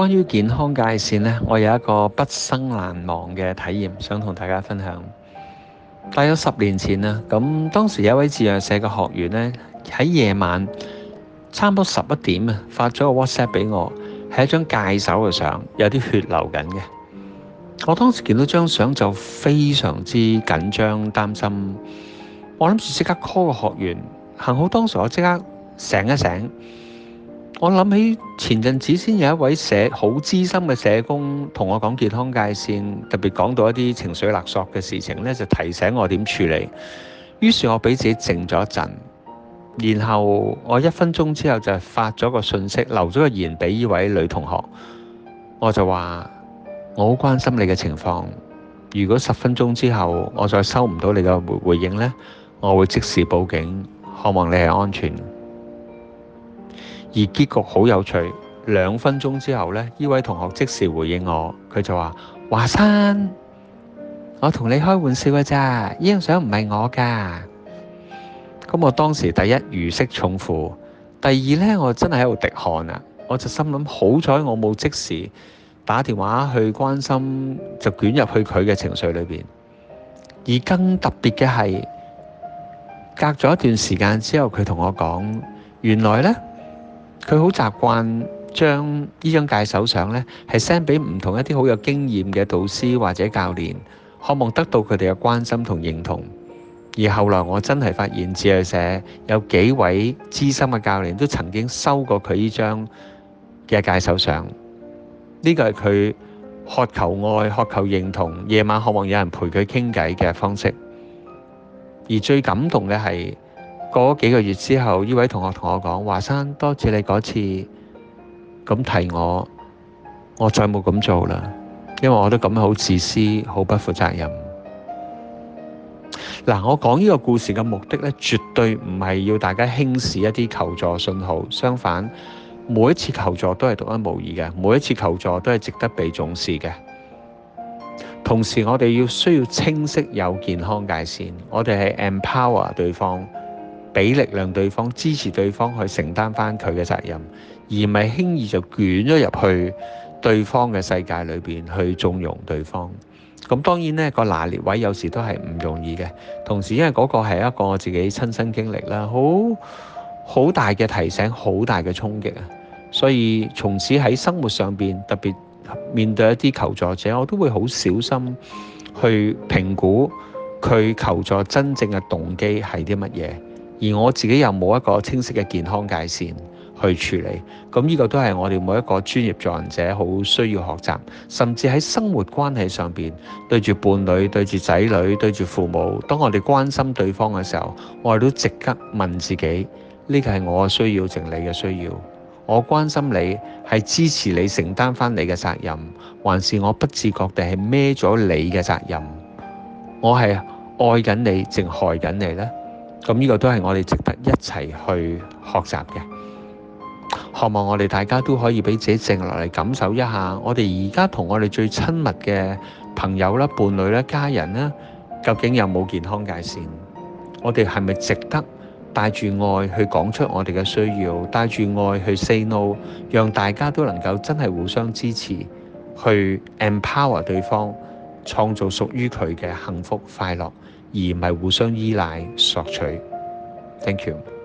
關於健康界線呢，我有一個畢生難忘嘅體驗，想同大家分享。大約十年前啦，咁當時有一位自在社嘅學員呢，喺夜晚差唔多十一點啊，發咗個 WhatsApp 俾我，係一張界手嘅相，有啲血流緊嘅。我當時見到張相就非常之緊張，擔心。我諗住即刻 call 個學員，幸好當時我即刻醒一醒。我諗起前陣子先有一位社好資深嘅社工同我講健康界線，特別講到一啲情緒勒索嘅事情咧，就提醒我點處理。於是，我俾自己靜咗一陣，然後我一分鐘之後就發咗個信息，留咗個言俾呢位女同學。我就話：我好關心你嘅情況。如果十分鐘之後我再收唔到你嘅回，回應呢，我會即時報警，渴望你係安全。而結局好有趣。兩分鐘之後呢，呢位同學即時回應我，佢就話：華山，我同你開玩笑嘅咋，呢張相唔係我㗎。咁我當時第一如釋重負，第二呢，我真係喺度滴汗啊！我就心諗好彩我冇即時打電話去關心，就捲入去佢嘅情緒裏邊。而更特別嘅係，隔咗一段時間之後，佢同我講：原來呢。」佢好習慣將呢張介手相咧，係 send 俾唔同一啲好有經驗嘅導師或者教練，渴望得到佢哋嘅關心同認同。而後來我真係發現，自在社有幾位資深嘅教練都曾經收過佢呢張嘅介手相。呢個係佢渴求愛、渴求認同，夜晚渴望有人陪佢傾偈嘅方式。而最感動嘅係，過咗幾個月之後，呢位同學同我講：華山，多謝你嗰次咁提我，我再冇咁做啦，因為我都咁好自私，好不負責任。嗱，我講呢個故事嘅目的咧，絕對唔係要大家輕視一啲求助信號，相反，每一次求助都係獨一無二嘅，每一次求助都係值得被重視嘅。同時，我哋要需要清晰有健康界線，我哋係 empower 對方。俾力量對方，支持對方去承擔翻佢嘅責任，而唔係輕易就捲咗入去對方嘅世界裏邊去縱容對方。咁當然呢，個拿捏位有時都係唔容易嘅。同時，因為嗰個係一個我自己親身經歷啦，好好大嘅提醒，好大嘅衝擊啊！所以從此喺生活上邊特別面對一啲求助者，我都會好小心去評估佢求助真正嘅動機係啲乜嘢，而我自己又冇一個清晰嘅健康界線去處理，咁呢個都係我哋每一個專業助人者好需要學習，甚至喺生活關係上面對住伴侶、對住仔女、對住父母，當我哋關心對方嘅時候，我哋都即刻問自己：呢個係我嘅需要，定你嘅需要？我關心你係支持你承擔翻你嘅責任，還是我不自覺地係孭咗你嘅責任？我係愛緊你，淨害緊你呢？咁呢個都係我哋值得一齊去學習嘅。希望我哋大家都可以俾自己靜落嚟感受一下，我哋而家同我哋最親密嘅朋友啦、伴侶啦、家人啦，究竟有冇健康界線？我哋係咪值得帶住愛去講出我哋嘅需要，帶住愛去 say no，讓大家都能夠真係互相支持，去 empower 對方，創造屬於佢嘅幸福快樂。而唔係互相依賴索取。Thank you.